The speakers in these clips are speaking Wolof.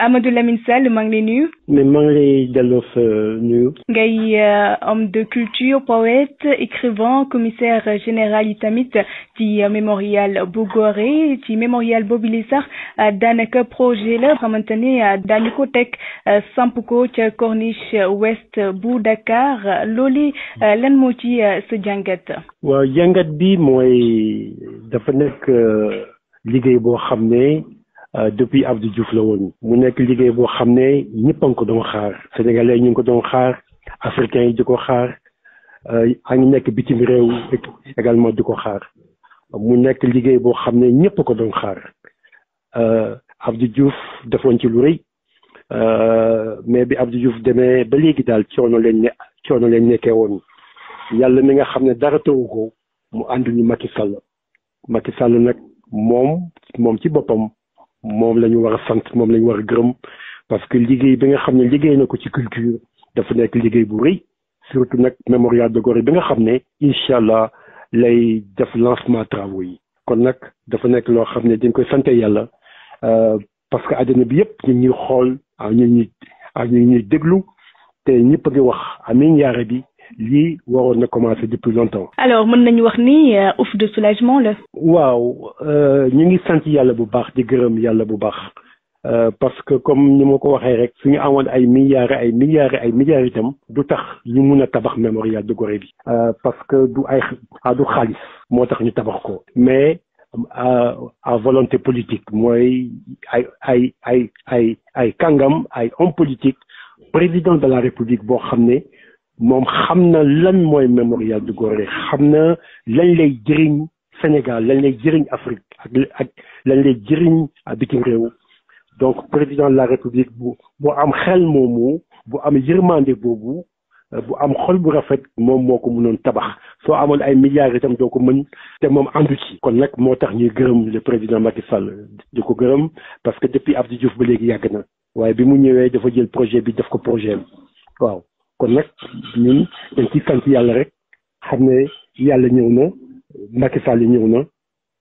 Amadou Lamine Sall maa ngi lay nuyu. mais maa ngi lay delloo sa euh, euh, homme de culture poète écrivain commissaire général yi tamit ci euh, mémorial bu Gorée ci mémorial boobu li sax daanaka projet la xamante ne daañu ko teg ko ca corniche ouest bu Dakar loolu lan moo ci sa bi mooy dafa nekk liggéey boo ne. Euh, depuis Abdou Diouf la woon mu nekk liggéey boo xam ne ñëpp a ko doon xaar sénégalais ñu ngi ko doon xaar africains yi du ko xaar euh, a ngi nekk bitim réew également di ko xaar mu nekk liggéey boo xam ne ñëpp ko doon xaar euh, Abdou Diouf defoon ci lu rëy mais bi Abdou Diouf demee ba léegi daal coono leen ne coono leen nekkee woon yàlla mi nga xam ne dara tawu ko mu ànd ñu Macky Sall Macky Sall nag moom moom ci boppam. moom la ñu war a sant moom la ñu war a gërëm parce que liggéey bi nga xam ne liggéey na ko ci culture dafa nekk liggéey bu rëy surtout nag mémorial de Gorée bi nga xam ne incha allah lay def lancement travaux yi kon nag dafa nekk loo xam ne dañ koy sante yàlla euh, parce que àddina bi yëpp ñu ñuy xool ah ñu ah, ñuy déglu te ñëpp a ngi wax amiin yaare bi lii waroon na commencé depuis longtemps. alors mën nañu wax ni euh, ouf de soulagement la. waaw euh, ñu ngi sant yàlla bu baax di gërëm yàlla bu baax euh, parce que comme ni ma ko waxee rek suñu amoon ay milliards ay milliards ay milliards itam du tax ñu mun a tabax mémorial de Gorée bi. parce que du ay ah du xaalis moo tax ñu tabax ko mais. à volonté politique mooy ay ay ay ay ay kàngam ay homme politique président de la république boo xam ne moom xam na lan mooy mémorial du Gorée xam na lan lay jëriñ Sénégal lan lay jëriñ Afrique ak ak lan lay jëriñ bitim réew donc président de la République bu bu am xel moomu bu am yërmande boobu euh, bu am xol bu rafet moom moo ko mënoon tabax soo amoon ay milliards itam doo ko mën te moom àndu ci. kon nag moo tax ñuy gërëm le président Macky Sall di ko gërëm parce que depuis Abdou Diouf ba léegi yàgg na waaye bi mu ñëwee dafa jël projet bi def ko projet waaw. kon nag ñun dañ ciy sant yàlla rek xam ne yàlla ñëw na Macky li ñëw na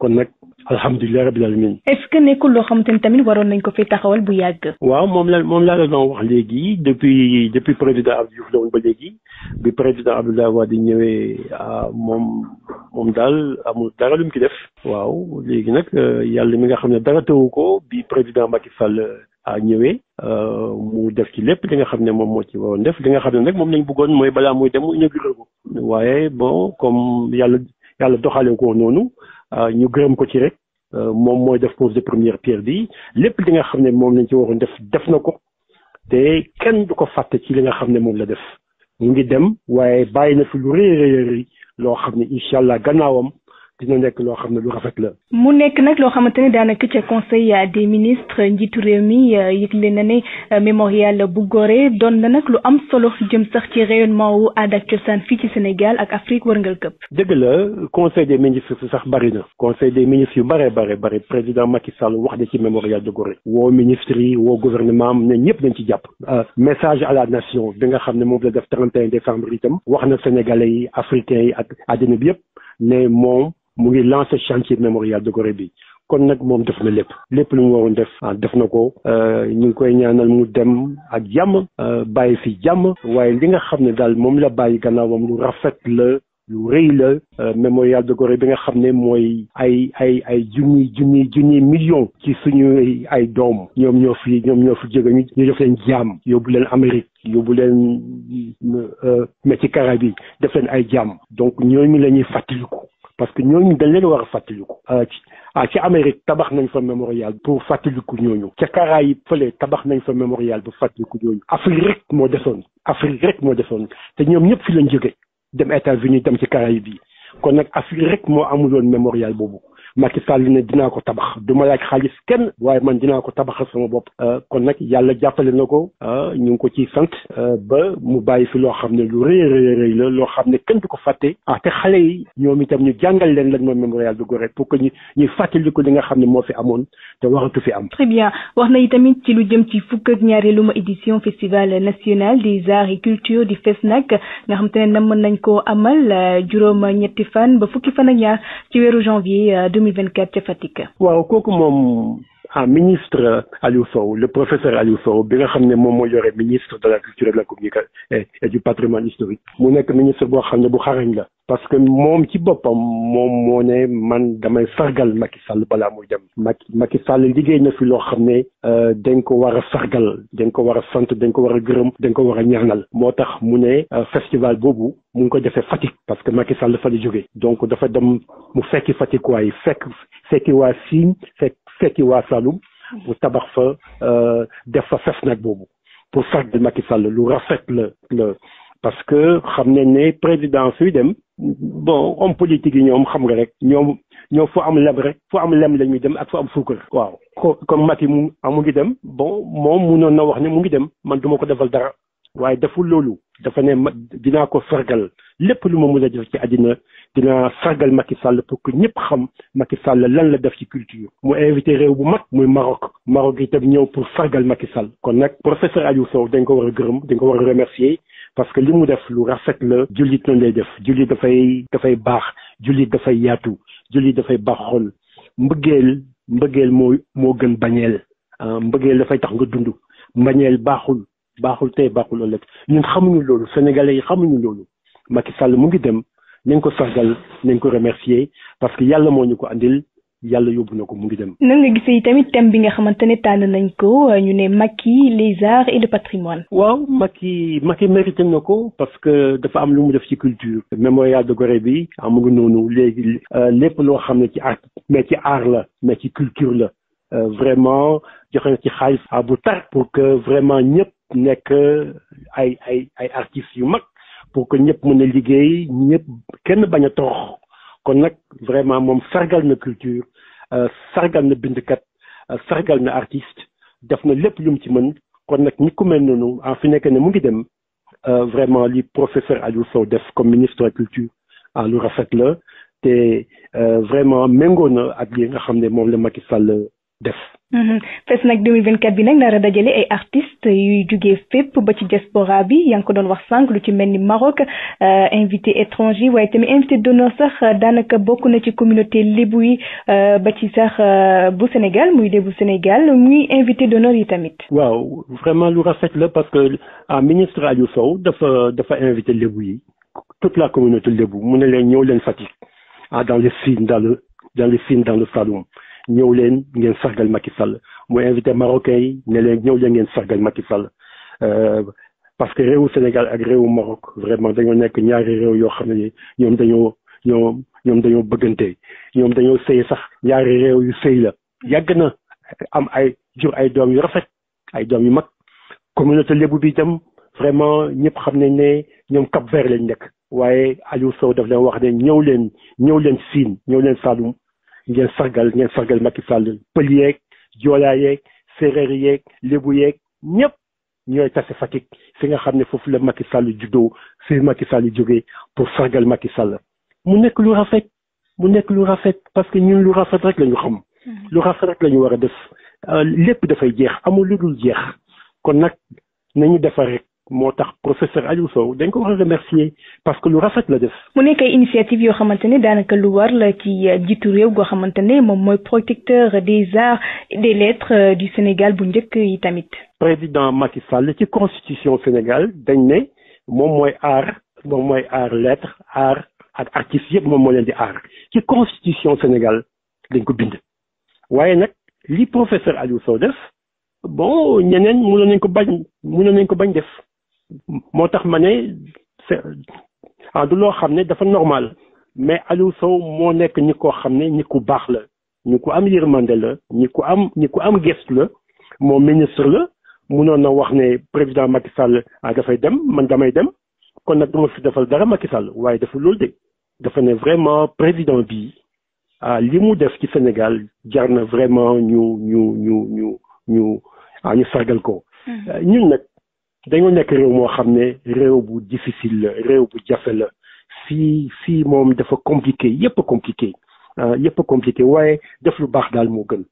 kon nag alhamdulilah rabbil alamin est-ce que nekkul loo xamante ni tamit waroon nañ ko fi taxawal bu yàgg. waaw moom la moom laa la doon wax léegi depuis depuis président Abdou Diouf la woon ba léegi bi président Abdoulaye Wade ñëwee ah, moom moom daal amul dara lu mu ci def. waaw léegi nag euh, yàlla mi nga xam ne dara teewu ko bi président Macky Sall. ñëwee euh, mu def ci lépp li nga xam ne moom moo ci waroon def li nga xam ne nag moom lañ bëggoon mooy balaa muy dem mu inauguré ko waaye bon comme yàlla yàlla doxale ko noonu euh, ñu gërëm ko ci rek euh, moom mooy def pose de première pierre bi lépp li nga xam ne moom lañ ci waroon def def na ko te kenn du ko fàtte ci li nga xam ne moom la def mu ngi dem waaye bàyyi na fi lu rëy rëy loo xam ne incha allah gannaawam dina nekk loo xam ne lu rafet la. mu nekk nag loo xamante ne daanaka ca conseil des ministres njiitu réew mi euh, yëgle na ne euh, mémorial bu Gorée doon na nag lu am solo jëm sax ci rayonnement wu aada ak cosaan fii ci Sénégal ak Afrique wërngal këpp. dëgg la conseil des ministres sax bari na. conseil des ministres yu bare bare bare président Macky Sall wax na ci mémorial de Gorée. woo ministres yi woo gouvernement am ne ñëpp nañ ci jàpp. Euh, message à la nation bi nga xam ne moom la def 31 décembre itam. wax na sénégalais yi africains yi ak àddina bi yëpp. ne moom mu ngi lancé chantier mémorial de Gorée bi kon nag moom def na lépp lépp lu mu waroon def ah, def na ko euh, ñu ngi koy ñaanal mu dem ak jàmm euh, bàyyi fi jàmm waaye li nga xam ne daal moom la bàyyi gannaawam lu rafet la yu rëy la euh, mémorial de Gorée bi nga xam ne mooy ay ay ay junni junni junni millions ci suñu ay doom ñoom ñoo fi ñoom ñoo fi jóge ñu ñu def leen jaam yóbbu leen Amérique yóbbu leen euh, métti Caraïbes yi def leen ay jaam donc ñooñu la ñuy fàttaliku parce que ñooñu dañ leen war a fàttaliku euh, ah ci Amérique tabax nañ fa mémorial pour fàttaliku ñooñu ca Caraïbes fële tabax nañ fa mémorial bu fàttaliku ñooñu Afrique rek moo desoon Afrique rek moo desoon te ñoom ñëpp fi lañ jóge dem États-Unis dem ci Caraïbes yi kon nag Afrique rek moo amuloon mémorial boobu. Macky Sall ne dinaa ko tabax du ma laaj xaalis kenn waaye man dinaa ko tabaxal sama bopp euh, kon nag yàlla jàppale na ko euh, ñu ngi ko ci sant euh, ba mu bàyyi fi loo xam ne lu rëy rëy rëy la loo xam ne kenn du ko fàtte ah te xale yi ñoom itam ñu jàngal leen lan mooy mémorial de Gorée pour que ñu ñuy fàttali ko li nga xam ne moo fi amoon te waratu fi am. très bien wax na itamit ci lu jëm ci fukk ak ñaareelu ma édition festival national des arts et culture di FESNAC nga te ne mën nañ koo amal juróom ñetti fan ba fukki fan ak ñaar 2024 ca Fatick. waaw kooku moom ah ministre Aliou Sow le professeur Aliou Sow bi nga xam ne moom moo yore ministre de la culture et de la communication et du patrimoine historique mu nekk ministre boo xam ne bu xarañ la parce que moom ci boppam moom moo ne man damay sargal Macky bala balaa muy dem Macky Macky Sall liggéey na fi loo xam ne euh, dañ ko war a sargal dañ ko war a sant dañ ko war a gërëm dañ ko war a ñaanal moo tax mu ne euh, festival boobu mu ngi ko defee Fatick parce que Macky Sall fa la jógee donc dafa dem mu fekki Fatick waay fekk fekki waa Sine fekk fekki waa Saloum bu tabax fa euh, def fa fes nag boobu pour sargal Macky Sall lu rafet la la parce que xam ne ne président suy dem bon homme politique yi ñoom xam nga rek ñoom ñoom foo am lem rek foo am lem la ñuy dem ak foo am suukar waaw ko comme Macky mu ah, mu ngi dem bon moom munoon na wax ne mu ngi dem man duma ko defal dara waaye deful loolu dafa ne ma dinaa ko sargal lépp lu ma mën a def ci àddina dinaa sargal Macky Sall pour que ñëpp xam Macky Sall lan la def ci culture. mu invité réew bu mag muy Maroc. Maroc itam ñëw pour sargal Macky Sall. kon nag professeur Aliou Sow dañ ko war a gërëm dañ ko war a parce que li mu def lu rafet la jullit noonu lay def jullit dafay dafay baax jullit dafay yaatu jullit dafay baax xol mbëggeel mbëggeel moo moo gën bañeel ah, mbëggeel dafay tax nga dund mbañeel baaxul baaxul tey baaxul ëllëg ñun xamuñu loolu sénégalais yi xamuñu loolu Macky Sall mu ngi dem nañ ko sargal nañ ko remercier parce que yàlla moo ñu ko andil yàlla yóbbu na ko mu ngi dem. na nga gisee tamit thème bi nga xamante ne tànn nañ ko ñu ne Macky les arts et le patrimoine. waaw Macky Macky mérité na ko parce que dafa am lu mu def ci culture. mémorial de Gorée bi am nga noonu léegi euh, lépp loo xam ne ci art mais ci art la mais ci culture la euh, vraiment joxe na ci xaalis à bu tar pour que vraiment ñëpp nekk ay ay ay artistes yu mag pour que ñëpp mën a liggéey ñëpp kenn bañ a torox kon nag vraiment moom sargal na culture. Euh, sargal na bindkat euh, sargal na artiste def na lépp lum mu ci mën kon nag ñi ku mel noonu en fi nekk ne mu ngi dem euh, vraiment li professeur Aliou Sow def comme ministre de la culture ah lu rafet la te vraiment méngoo na ak li nga xam ne moom la Macky Sall def. Mm-hmm. fes nag 2024 bi nag nar a dajale ay artistes yuy jugee fépp ba ci diaspora bi yaa ngi ko doon wax sànq lu ci mel ni Maroc euh, invité étranger waaye tamit invité d'honneur sax euh, daanaka bokk na ci communauté lébu yi euh, ba ci sax bu Sénégal muy lébu Sénégal muy invité d'honneur yi tamit. waaw vraiment lu rafet la parce que ah, ministre Aliou Sow de dafa invité lébu yi toute la communauté lébu mu ne leen ñëw leen Fatick ah dans le Sine dans le dans dans le Saloum. ñëw leen ngeen sargal Macky Sall mu invité marocain yi ne leen ñëw leen ngeen sargal Macky Sall euh, parce que réewu Sénégal ak réewu Maroc vraiment dañoo nekk ñaari réew yoo xam ne ñoom dañoo ñoo ñoom dañoo bëggante ñoom dañoo sey sax ñaari réew yu sey la yàgg na am ay jur ay doom yu rafet ay doom yu mag communauté lébu bi itam vraiment ñëpp xam nañ ne ñoom Cap Vert lañ nekk waaye Aliou Sow daf leen wax ne ñëw leen ñëw leen Sine ñëw leen salum ngeen sargal ngeen sargal Macky Sall pël yeeg joolaa yeeg séeréer yeeg lébu yeeg ñëpp ñooy tase Fatick fi nga xam ne foofu la Macky Sall juddoo fi Macky Sall jógee pour sargal Macky Sall mu nekk lu rafet mu nekk lu rafet parce que ñun lu rafet rek la ñu xam mm-hmm. lu rafet rek la ñu war a def euh, lépp dafay jeex amul lu dul jeex kon nag nañu defar rek moo tax professeur Aliou Sow dañ ko war remercier parce que lu rafet la def. mu nekk ay initiative yoo xamante ne daanaka lu war la ci euh, jiitu réew goo xamante ne moom mooy protecteur des arts et des lettres euh, du Sénégal bu njëkk yi tamit. président Macky Sall ci constitution Sénégal dañ ne moom mooy art moom mooy art lettre art ak artistes yëpp moom moo leen di art ci constitution Sénégal dañ ko bind. waaye nag li professeur Aliou Sow def bon ñeneen mënoon nañ ko bañ mënoon nañ ko bañ def. moo tax ma ne ah du loo xam ne dafa normal mais Aliou Sow moo nekk ñi koo xam ne ñi ku baax la ñi ku am yërmande la ñi ku am ñi ku am gëstu la moom ministre la munoon na wax ne président Macky Sall ah dafay dem man damay dem kon nag du ma fi defal dara Macky Sall waaye dafa loolu de dafa ne vraiment président bi ah li mu def ci Sénégal jar na vraiment ñu ñu ñu ñu ñu ah, ñu sargal ko mm-hmm. ñun nag. dañoo nekk réew moo xam ne réew bu difficile la réew bu jafe la fii fii moom dafa compliqué yépp compliqué ah, yépp compliqué waaye def lu baax daal moo gën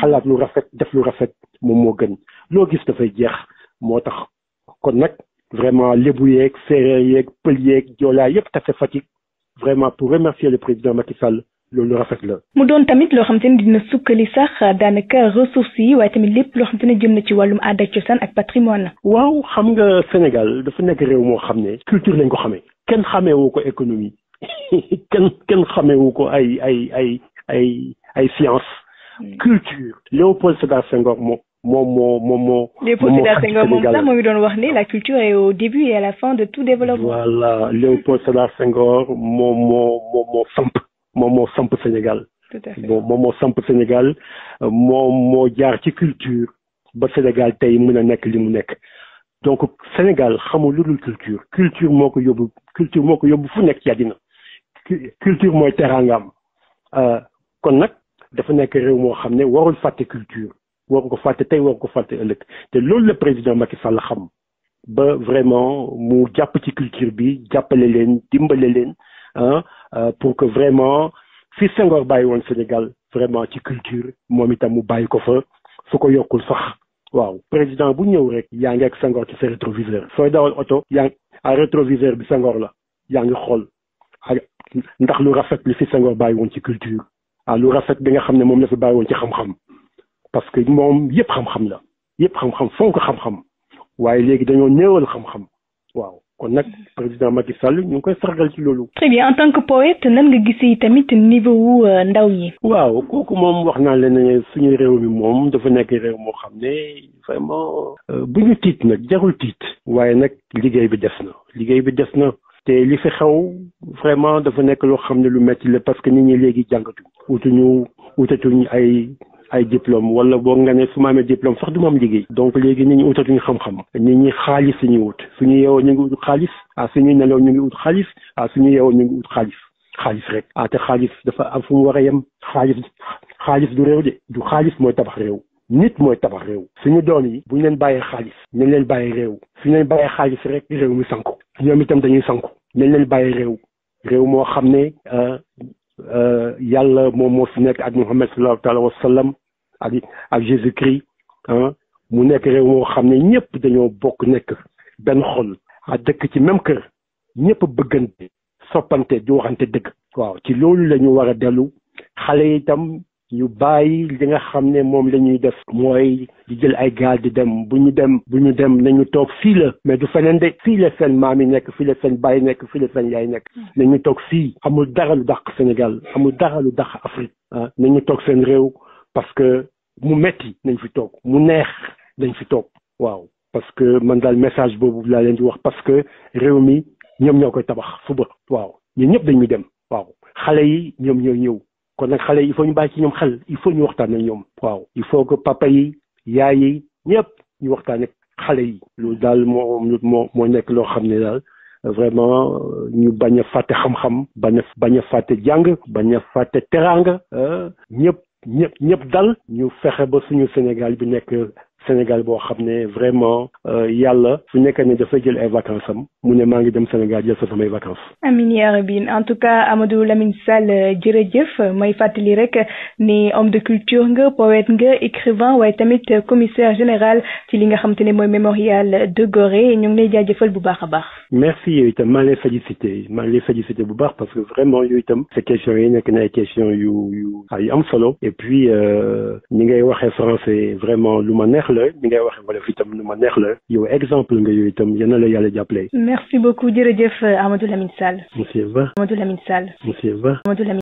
xalaat lu rafet def lu rafet moom moo gën loo gis dafay jeex moo tax kon nag vraiment lébu yeeg séeréer yeeg pël yeeg joolaa yépp tase Fatick vraiment pour remercier le président Macky Sall loolu rafet la. mu doon tamit loo xamante ne dina sukkali sax daanaka ressources yi waaye tamit lépp loo xamante ne jëm na ci wàllum aada ak cosaan ak patrimoine. waaw xam nga Sénégal dafa nekk réew moo xam ne. culture lañ ko xamee. kenn xamee woo ko économie kenn kenn xamee ko ay ay ay ay ay science. Hmm. culture. Léopold Sédar Senghor moom moo moo moo. Léopold Sédar Senghor moom sax moo doon wax ni la culture est au début et de tout développement. voilà Léopold Sédar moom moo moo moo samp. moom moo samp Sénégal bon moom moo samp Sénégal moom moo jaar ci culture ba Sénégal tey mën a nekk li mu nekk donc Sénégal xamul lu dul culture culture moo ko yóbbu culture moo ko yóbbu fu nekk ci àddina culture mooy teraangaam euh, kon nag dafa nekk réew moo xam ne warul fàtte culture waru ko fàtte tey waru ko fàtte ëllëg te loolu la président Macky Sall xam ba vraiment mu jàpp ci culture bi jàppale leen dimbale leen ah Euh, pour que vraiment fi sengoor bàyyi woon Sénégal vraiment ci culture moom itam mu bàyyi ko fa su ko yokkul sax waaw président bu ñëw rek yaa ngi ak Senghor ci sa rétroviseur sooy dawal oto yaa ngi ah, rétroviseur bi sengoor la yaa ngi xool ak ah, ndax lu rafet li fi Senghor bàyyi woon ci culture ah lu rafet bi nga xam ne moom la fi bàyyi woon ci xam-xam parce que moom yëpp xam-xam la yëpp xam-xam fonk xam-xam waaye léegi dañoo néewal xam-xam waaw kon nag président Macky Sall ñu ngi koy sargal ci loolu. très bien en tant que poète nan nga gisee tamit niveau euh, ndaw yi. waaw kooku moom wax naa leen ne suñu réew mi moom dafa nekk réew moo xam ne vraiment. Euh, bu ñu tiit nag jarul tiit. waaye nag liggéey bi des na liggéey bi des na. te li fi xew vraiment dafa nekk loo xam ne lu metti la parce que nit ñi léegi jàngatuñ. wutuñu wutatuñ ay. ay diplôme wala boo nga ne su ma amee diplôme sax du ma am liggéey donc léegi nit ñi utatuñu xam-xam nit ñi xaalis la ñuy wut suñu yeewoo ñu ngi ut xaalis ah suñuy neloo ñu ngi ut xaalis ah suñu yeewoo ñu ngi ut xaalis rek ah te xaalis dafa am fu mu war yem xaalis xaalis du réew de du xaalis mooy tabax nit mooy tabax réew suñu doom yi bu ñu leen bàyyee xaalis nañ leen bàyyee réew suñu leen bàyyee xaalis rek réew mi sanku ñoom itam dañuy sanku nañ leen bàyyee réew réew moo xam ne euh, euh, yàlla moom moo fi nekk ak Muhammad sallallahu alayhi wa sallam ak ak Jésus Christ mu nekk réew moo xam ne ñëpp dañoo bokk nekk benn xol a dëkk ci même kër ñëpp bëggante soppante di waxante dëkk waaw ci loolu lañu ñu war a dellu xale yi itam ñu bàyyi li nga xam ne moom la ñuy def. mooy di jël ay gaal di dem bu ñu dem. bu ñu dem nañu toog fii la. mais du feneen de. fii la seen maam yi nekk fii la seen bàyyi nekk fii la seen yaay nekk. Hmm. nañu toog fii. amul dara lu dàq Sénégal amul dara lu dàq Afrique. Ah, nañu toog seen réew. parce que mu metti nañ fi toog mu neex nañ fi toog waaw parce que man daal message boobu laa leen di wax parce que réew mi ñoom ñoo koy tabax fuba waaw ñun ñëpp dañuy dem waaw xale yi ñoom ñooy ñëw kon nag xale yi il faut ñu bàyyi ci ñoom xel il faut ñu waxtaan ak ñoom waaw il faut que papa yi yaay yi ñëpp ñu waxtaan ak xale yi loolu daal moo moo moo nekk loo xam ne daal vraiment ñu bañ a fàtte xam-xam bañ a bañ a fàtte jàng bañ a fàtte teraanga ah, ñëpp ñëpp ñëpp dal ñu fexe ba suñu Sénégal bi nekk Sénégal boo xam ne vraiment euh, yàlla su nekkee ne dafay jël ay vacances am mu ne maa ngi dem Sénégal jël fa samay vacances. amiin yaa rabbi en tout cas Amadou Lamine Sall jërëjëf may fàttali rek ni homme de culture nga poète nga écrivain waaye tamit commissaire général ci li nga xam te ne mooy mémorial de Gorée ñu ngi lay jaajëfal bu baax a baax. merci yow itam maa ngi lay félicité maa ngi lay félicité bu baax parce que vraiment yow itam ces questions yi nekk na ay questions am solo la ni ngay waxee wala fi itam nu ma neex la yow exemple nga yow itam yal na la yàlla jàppale. merci beaucoup jërëjëf Amadou Lamine Sall. monsieur Ba Amadou Lamine Sall. monsieur Ba Amadou